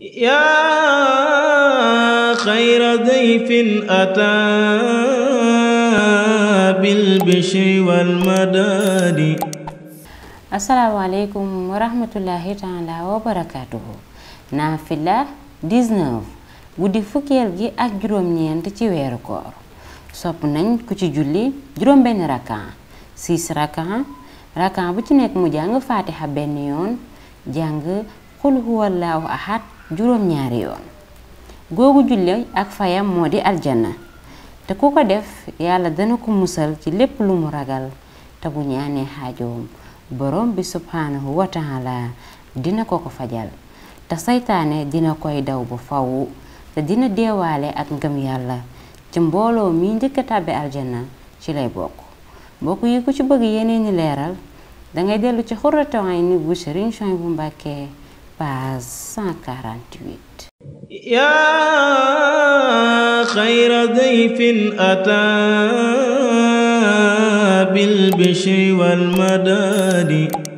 yaa xayra dayfin ataa bil bishri wal madaadi asalaamaaleykum wa rahmatullahi taala wa barakaatuhu naafila 19 fukkeel gi ak juróom-ñeent ci weeru koor sopp nañ ku ci julli juróom-benn rakan 6 rakan rakan bu ci nekk mu jàng faatixa benn yoon jàng xul huwallaahu ahad juróom-ñaari yoon googu julli ak fayam moo di aljanna te ku ko def yàlla dana ko musal ci lépp lu mu ragal te bu ñaanee xaajoom borom bi subhaanahu wa taala dina ko ko fajal te seytaane dina koy daw bu faw te dina deewaale ak ngëm yàlla ci mbooloo mi njëkk a tàbbi aljanna ci lay bokk mbokk yi ku ci bëgg yeneen i leeral dangay dellu ci xurratu ayni bu Sëriñ bu Mbàkke page 148 yaa xayra dayfin ataa